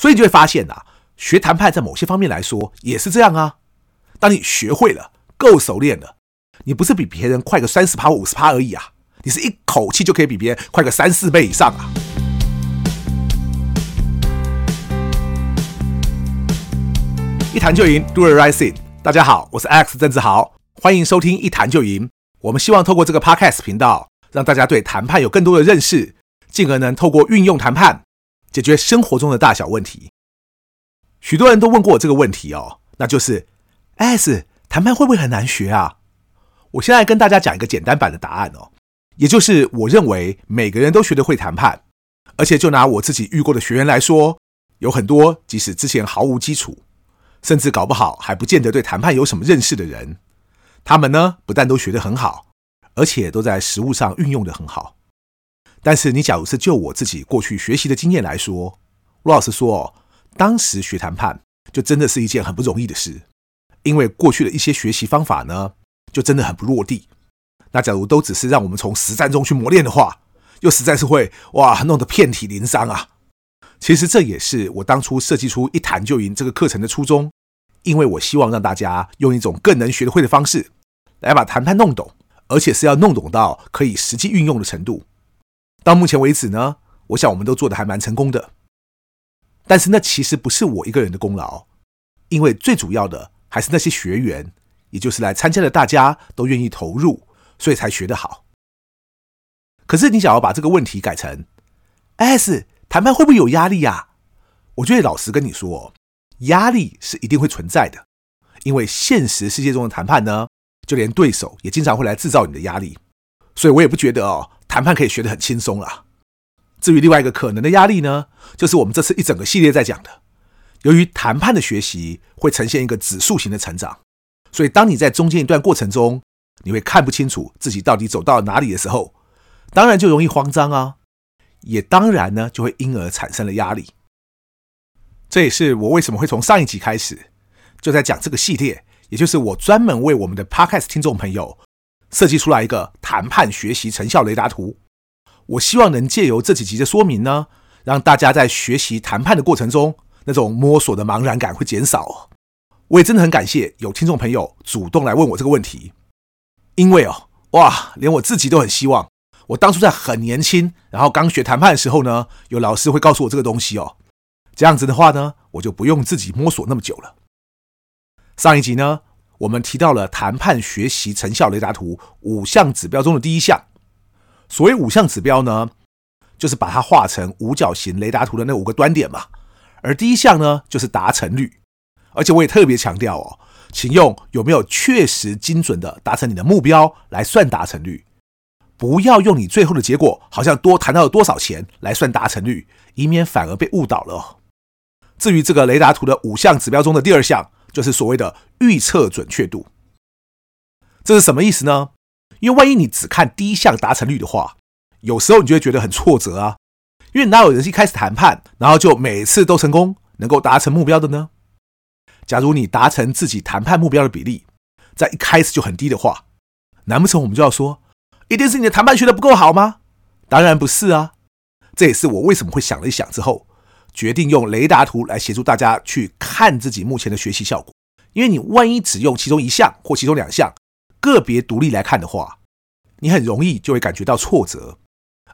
所以你就會發現吶、啊，學談判在某些方面來說也是這樣啊。當你學會了夠熟練了，你不是比別人快個三十趴或五十趴而已啊，你是一口氣就可以比別人快個三四倍以上啊。一談就贏，Do the right thing。大家好，我是 Alex 鄭志豪，歡迎收聽一談就贏。我們希望透過這個 Podcast 頻道，讓大家對談判有更多的認識，進而能透過運用談判。解決生活中的大小問題，許多人都問過我這個問題哦，那就是 S 談判會不會很難學啊？我現在跟大家講一個簡單版的答案哦，也就是我認為每個人都學得會談判，而且就拿我自己遇過的學員來說，有很多即使之前毫無基礎，甚至搞不好還不見得對談判有什麼認識的人，他們呢不但都學得很好，而且都在實務上運用得很好。但是你假如是就我自己過去學習的經驗來說，羅老師說，當時學談判就真的是一件很不容易的事，因為過去的一些學習方法呢，就真的很不落地。那假如都只是讓我們從實戰中去磨練的話，又實在是會哇弄得遍體鱗傷啊。其實這也是我當初設計出一談就贏這個課程的初衷，因為我希望讓大家用一種更能學得會的方式，來把談判弄懂，而且是要弄懂到可以實際運用的程度。到目前為止呢，我想我們都做得還蠻成功的。但是那其實不是我一個人的功勞，因為最主要的還是那些學員，也就是來參加的大家都願意投入，所以才學得好。可是你想要把這個問題改成，S 談判會不會有壓力呀？我覺得老實跟你說，壓力是一定會存在的，因為現實世界中的談判呢，就連對手也經常會來制造你的壓力，所以我也不覺得哦。談判可以學得很輕鬆啦。啊，至於另外一個可能的壓力呢，就是我們這次一整個系列在講的，由於談判的學習會呈現一個指數型的成長，所以當你在中間一段過程中，你會看不清楚自己到底走到了哪裡的時候，當然就容易慌張啊，也當然呢就會因而產生了壓力。這也是我為什麼會從上一集開始就在講這個系列，也就是我專門為我們的 Podcast 聽眾朋友。設計出來一個談判學習成效雷達圖，我希望能借由這幾集的說明呢，讓大家在學習談判的過程中，那種摸索的茫然感會減少。我也真的很感謝有聽眾朋友主動來問我這個問題，因為哦，哇，連我自己都很希望，我當初在很年輕，然後剛學談判的時候呢，有老師會告訴我這個東西哦，這樣子的話呢，我就不用自己摸索那麼久了。上一集呢，我們提到了談判學習成效雷達圖五項指標中的第一項，所謂五項指標呢，就是把它畫成五角形雷達圖的那五個端點嘛。而第一項呢，就是達成率。而且我也特別強調哦，請用有沒有確實精準的達成你的目標來算達成率，不要用你最後的結果好像多談到了多少錢來算達成率，以免反而被誤導了哦。至於這個雷達圖的五項指標中的第二項。就是所謂的預測準確度，這是什麼意思呢？因為萬一你只看第一項達成率的話，有時候你就會覺得很挫折啊。因為哪有人一開始談判，然後就每次都成功，能夠達成目標的呢？假如你達成自己談判目標的比例在一開始就很低的話，難不成我們就要說，一定是你的談判學的不夠好嗎？當然不是啊。這也是我為什麼會想了一想之後。決定用雷達圖來協助大家去看自己目前的學習效果，因為你萬一只用其中一項或其中兩項個別獨立來看的話，你很容易就會感覺到挫折，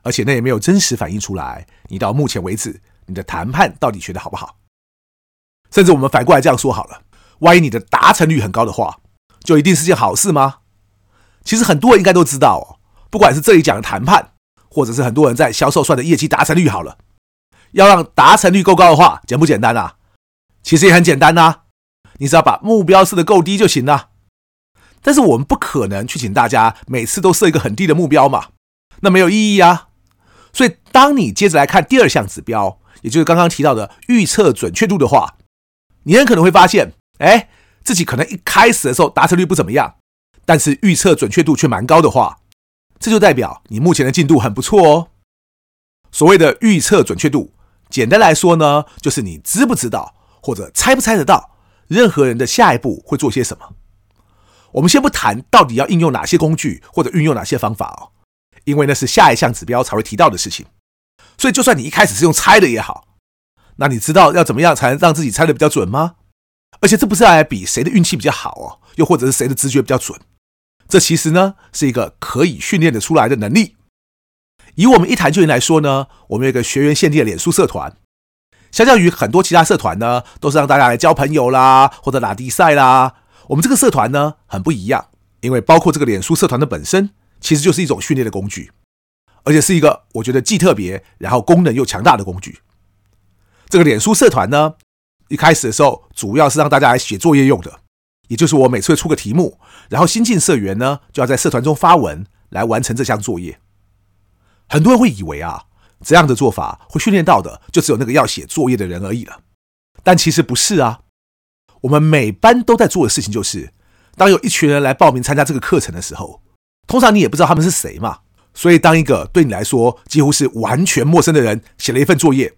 而且那也沒有真實反映出來你到目前為止你的談判到底學得好不好。甚至我們反過來這樣說好了，萬一你的達成率很高的話，就一定是件好事嗎？其實很多人應該都知道哦，不管是這裡講的談判，或者是很多人在銷售上的業績達成率，好了。要讓達成率夠高的話，簡不簡單啊？其實也很簡單吶、啊，你只要把目標設得夠低就行了。但是我們不可能去請大家每次都設一個很低的目標嘛，那沒有意義啊。所以當你接着來看第二項指標，也就是剛剛提到的預測準確度的話，你很可能會發現，哎，自己可能一開始的時候達成率不怎麼樣，但是預測準確度卻蠻高的話，這就代表你目前的進度很不錯哦。所謂的預測準確度。簡單來說呢，就是你知不知道，或者猜不猜得到任何人的下一步會做些什麼？我們先不談到底要應用哪些工具或者運用哪些方法哦，因為那是下一項指標才會提到的事情。所以，就算你一開始是用猜的也好，那你知道要怎麼樣才能讓自己猜的比較準嗎？而且這不是來比誰的運氣比較好哦，又或者是誰的直覺比較準？這其實呢是一個可以訓練得出來的能力。以我們一談就贏來說呢，我們有一個學員限定的臉書社團。相較於很多其他社團呢，都是讓大家來交朋友啦，或者打比賽啦，我們這個社團呢很不一樣，因為包括這個臉書社團的本身，其實就是一種訓練的工具，而且是一個我覺得既特別，然後功能又強大的工具。這個臉書社團呢，一開始的時候主要是讓大家來寫作業用的，也就是我每次會出個題目，然後新進社員呢就要在社團中發文來完成這項作業。很多人會以為啊，這樣的做法會訓練到的就只有那個要寫作業的人而已了，但其實不是啊。我們每班都在做的事情就是，當有一群人來報名參加這個課程的時候，通常你也不知道他們是誰嘛。所以，當一個對你來說幾乎是完全陌生的人寫了一份作業，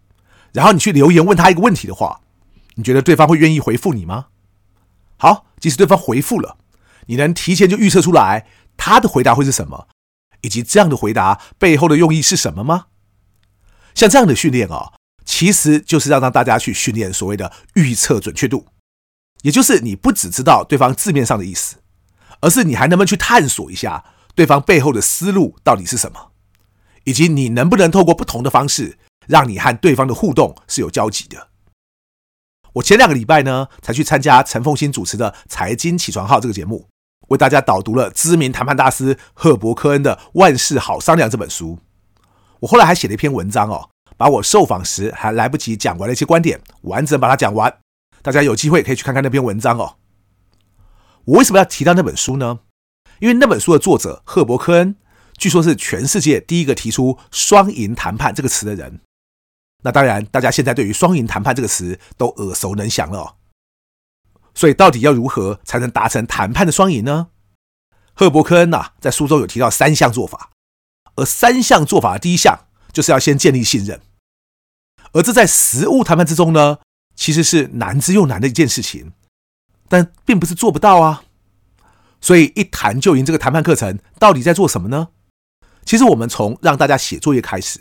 然後你去留言問他一個問題的話，你覺得對方會願意回復你嗎？好，即使對方回復了，你能提前就預測出來他的回答會是什麼？以及這樣的回答背後的用意是什麼嗎？像這樣的訓練啊、哦，其實就是讓讓大家去訓練所謂的預測準確度，也就是你不只知道對方字面上的意思，而是你還能不能去探索一下對方背後的思路到底是什麼，以及你能不能透過不同的方式，讓你和對方的互動是有交集的。我前兩個禮拜呢，才去參加陳鳳馨主持的《財經起床號》這個節目。為大家導讀了知名談判大師赫伯·科恩的《萬事好商量》這本書。我後來還寫了一篇文章哦，把我受訪時還來不及講完的一些觀點，完整把它講完。大家有機會可以去看看那篇文章哦。我為什麼要提到那本書呢？因為那本書的作者赫伯·科恩，據說是全世界第一個提出“雙贏談判”這個詞的人。那當然，大家現在對於“雙贏談判”這個詞都耳熟能詳了哦。所以到底要如何才能達成談判的雙贏呢？赫伯科恩吶，啊，在書中有提到三項做法，而三項做法的第一項就是要先建立信任，而這在實務談判之中呢，其實是難之又難的一件事情，但並不是做不到啊。所以一談就贏這個談判課程到底在做什麼呢？其實我們從讓大家寫作業開始，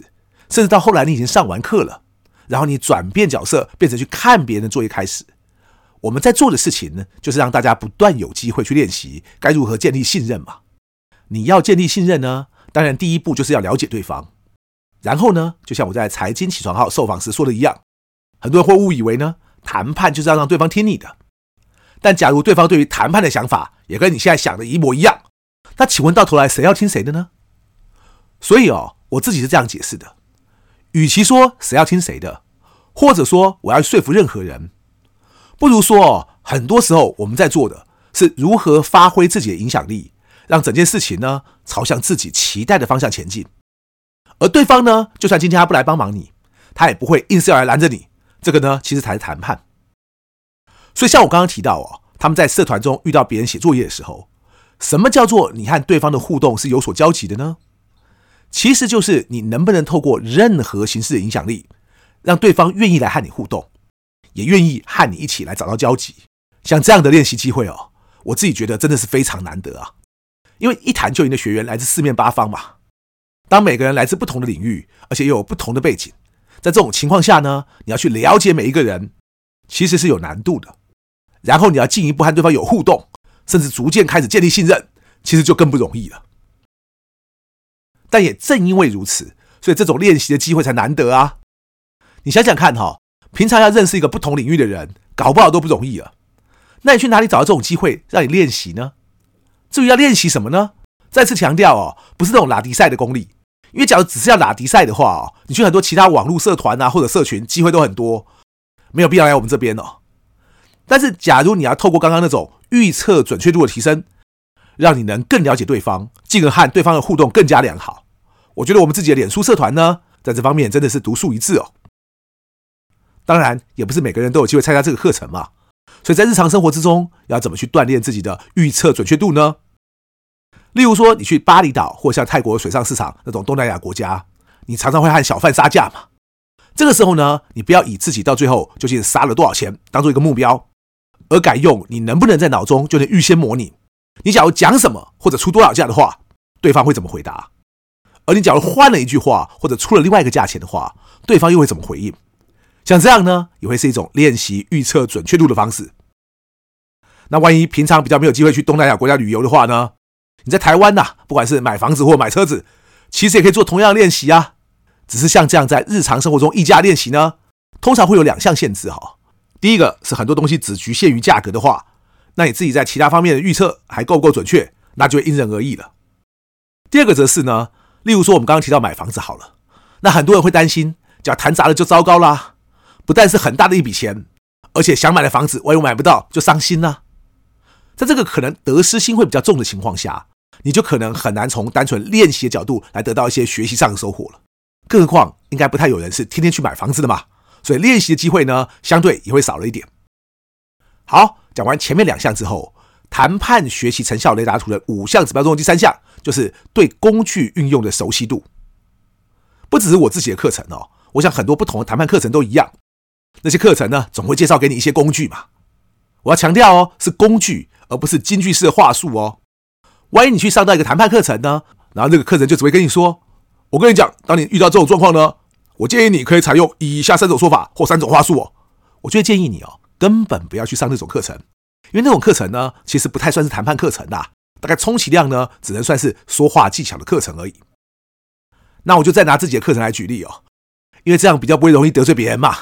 甚至到後來你已經上完課了，然後你轉變角色，變成去看別人的作業開始。我們在做的事情呢，就是讓大家不斷有機會去練習該如何建立信任嘛。你要建立信任呢，當然第一步就是要了解對方。然後呢，就像我在財經起床號受訪時說的一樣，很多人會誤以為呢，談判就是要讓對方聽你的。但假如對方對於談判的想法也跟你現在想的一模一樣，那請問到頭來誰要聽誰的呢？所以哦，我自己是這樣解釋的，與其說誰要聽誰的，或者說我要說服任何人。不如說，很多時候我們在做的是如何發揮自己的影響力，讓整件事情呢朝向自己期待的方向前進。而對方呢，就算今天他不來幫忙你，他也不會硬是要來攔着你。這個呢，其實才是談判。所以像我剛剛提到哦，他們在社團中遇到別人寫作業的時候，什麼叫做你和對方的互動是有所交集的呢？其實就是你能不能透過任何形式的影響力，讓對方願意來和你互動。也願意和你一起來找到交集，像這樣的練習機會哦，我自己覺得真的是非常難得啊。因為一談就贏的學員來自四面八方嘛，當每個人來自不同的領域，而且又有不同的背景，在這種情況下呢，你要去了解每一個人，其實是有難度的。然後你要進一步和對方有互動，甚至逐漸開始建立信任，其實就更不容易了。但也正因為如此，所以這種練習的機會才難得啊。你想想看哈、哦。平常要認識一個不同領域的人，搞不好都不容易了。那你去哪裡找到這種機會讓你練習呢？至於要練習什麼呢？再次強調哦，不是那種拉迪賽的功力，因為假如只是要拉迪賽的話哦，你去很多其他網絡社團啊或者社群，機會都很多，沒有必要來我們這邊哦。但是假如你要透過剛剛那種預測準確度的提升，讓你能更了解對方，進而和對方的互動更加良好，我覺得我們自己的臉書社團呢，在這方面真的是獨樹一幟哦。當然，也不是每個人都有機會參加這個課程嘛。所以，在日常生活之中，要怎麼去鍛鍊自己的預測準確度呢？例如說，你去巴厘島或像泰國水上市場那種東南亞國家，你常常會和小販殺價嘛。這個時候呢，你不要以自己到最後究竟殺了多少錢當做一個目標，而改用你能不能在腦中就能預先模擬：你假如講什麼或者出多少價的話，對方會怎麼回答？而你假如換了一句話或者出了另外一個價錢的話，對方又會怎麼回應？像這樣呢，也會是一種練習預測準確度的方式。那萬一平常比較沒有機會去東南亞國家旅遊的話呢？你在台灣吶、啊，不管是買房子或買車子，其實也可以做同樣的練習啊。只是像這樣在日常生活中議價練習呢，通常會有兩項限制哈。第一個是很多東西只局限於價格的話，那你自己在其他方面的預測還夠不夠準確，那就因人而異了。第二個則是呢，例如說我們剛剛提到買房子好了，那很多人會擔心，只要談砸了就糟糕啦、啊。不但是很大的一筆錢，而且想買的房子萬一買不到就傷心了啊。在這個可能得失心會比較重的情況下，你就可能很難從單純練習的角度來得到一些學習上的收穫了。更何況，應該不太有人是天天去買房子的嘛，所以練習的機會呢，相對也會少了一點。好，講完前面兩項之後，談判學習成效雷達圖的五項指標中的第三項就是對工具運用的熟悉度。不只是我自己的課程哦，我想很多不同的談判課程都一樣。那些課程呢，總會介紹給你一些工具嘛。我要強調哦，是工具，而不是金句式的話術哦。萬一你去上到一個談判課程呢，然後那個課程就只會跟你說：“我跟你講，當你遇到這種狀況呢，我建議你可以採用以下三種說法或三種話術哦。”我就會建議你哦，根本不要去上那種課程，因為那種課程呢，其實不太算是談判課程啦，大概充其量呢，只能算是說話技巧的課程而已。那我就再拿自己的課程來舉例哦，因為這樣比較不會容易得罪別人嘛。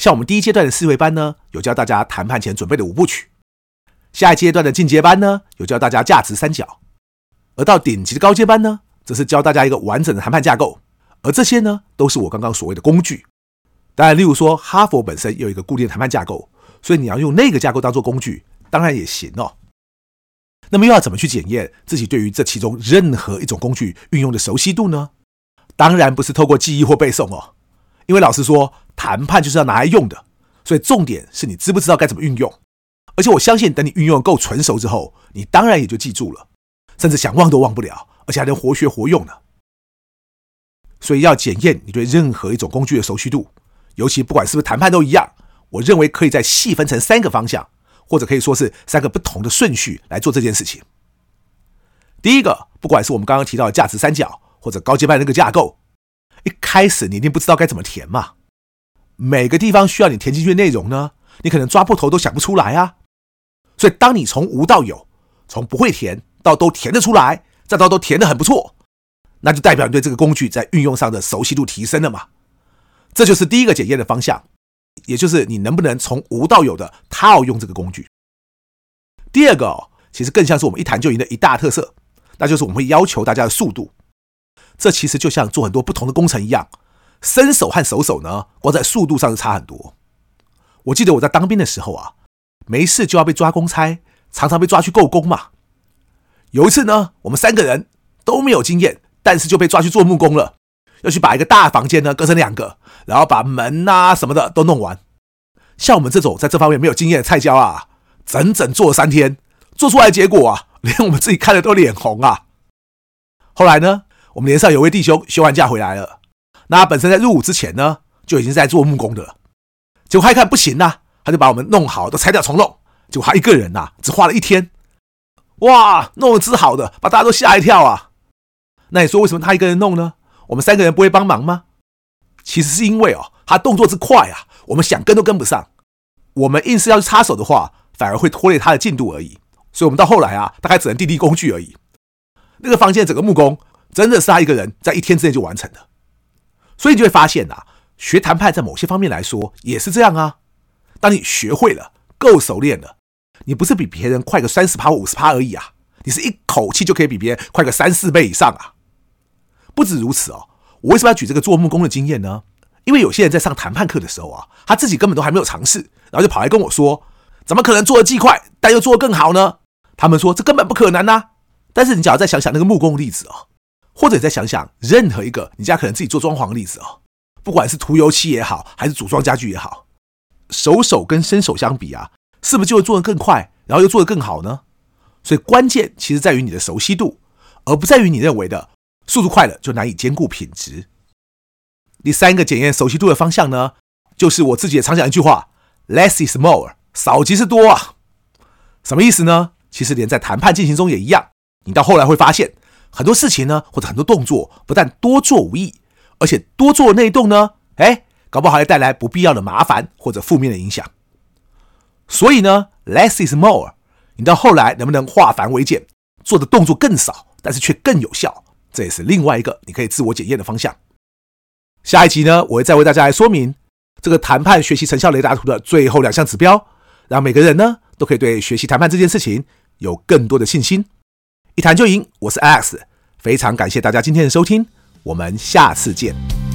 像我們第一階段的思維班呢，有教大家談判前準備的五部曲；下一階段的進階班呢，有教大家價值三角；而到頂級的高階班呢，則是教大家一個完整的談判架構。而這些呢，都是我剛剛所謂的工具。當然，例如說哈佛本身有一個固定的談判架構，所以你要用那個架構當做工具，當然也行哦。那麼又要怎麼去檢驗自己對於這其中任何一種工具運用的熟悉度呢？當然不是透過記憶或背誦哦。因為老師說，談判就是要拿來用的，所以重點是你知不知道該怎麼運用。而且我相信，等你運用夠純熟之後，你當然也就記住了，甚至想忘都忘不了，而且還能活學活用呢。所以要檢驗你對任何一種工具的熟悉度，尤其不管是不是談判都一樣，我認為可以再細分成三個方向，或者可以說是三個不同的順序來做這件事情。第一個，不管是我們剛剛提到的價值三角，或者高階班那個架構。一開始你一定不知道該怎麼填嘛，每個地方需要你填進去的內容呢，你可能抓破頭都想不出來啊。所以當你從無到有，從不會填到都填得出來，再到都填得很不錯，那就代表你對這個工具在運用上的熟悉度提升了嘛。這就是第一個檢驗的方向，也就是你能不能從無到有的套用這個工具。第二個哦，其實更像是我們一談就贏的一大特色，那就是我們會要求大家的速度。這其實就像做很多不同的工程一樣，生手和熟手呢，光在速度上是差很多。我記得我在當兵的時候啊，沒事就要被抓公差，常常被抓去夠工嘛。有一次呢，我們三個人都沒有經驗，但是就被抓去做木工了，要去把一個大房間呢隔成兩個，然後把門吶、啊、什麼的都弄完。像我們這種在這方面沒有經驗的菜鳥啊，整整做了三天，做出來的結果啊，連我們自己看的都臉紅啊。後來呢，我們連上有位弟兄休完假回來了，那他本身在入伍之前呢就已經在做木工的了，結果他一看不行吶、啊，他就把我們弄好都拆掉重弄，結果他一個人吶、啊、只花了一天，哇，弄得之好的，把大家都嚇一跳啊！那你說為什麼他一個人弄呢？我們三個人不會幫忙嗎？其實是因為哦，他動作之快啊，我們想跟都跟不上，我們硬是要去插手的話，反而會拖累他的進度而已。所以我們到後來啊，大概只能遞遞工具而已。那個房間整個木工。真的是他一個人在一天之內就完成的，所以你就會發現啊，學談判在某些方面來說也是這樣啊。當你學會了、夠熟練了，你不是比別人快個三十趴或五十趴而已啊，你是一口氣就可以比別人快個三四倍以上啊！不止如此哦，我為什麼要舉這個做木工的經驗呢？因為有些人在上談判課的時候啊，他自己根本都還沒有嘗試，然後就跑來跟我說：“怎麼可能做得既快但又做得更好呢？”他們說這根本不可能吶、啊。但是你只要再想想那個木工的例子哦。或者你再想想，任何一個你家可能自己做裝潢的例子哦，不管是塗油漆也好，還是組裝家具也好，熟手跟生手相比啊，是不是就會做得更快，然後又做得更好呢？所以關鍵其實在於你的熟悉度，而不在於你認為的速度快了就難以兼顧品質。第三個檢驗熟悉度的方向呢，就是我自己也常講一句話：less is more，少即是多啊。什麼意思呢？其實連在談判進行中也一樣，你到後來會發現。很多事情呢，或者很多動作，不但多做無益，而且多做內動呢，哎、欸，搞不好還帶來不必要的麻煩或者負面的影響。所以呢，less is more。你到後來能不能化繁為簡，做的動作更少，但是卻更有效？這也是另外一個你可以自我檢驗的方向。下一集呢，我會再為大家來說明這個談判學習成效雷達圖的最後兩項指標，讓每個人呢都可以對學習談判這件事情有更多的信心。一談就贏，我是 Alex，非常感謝大家今天的收聽，我們下次見。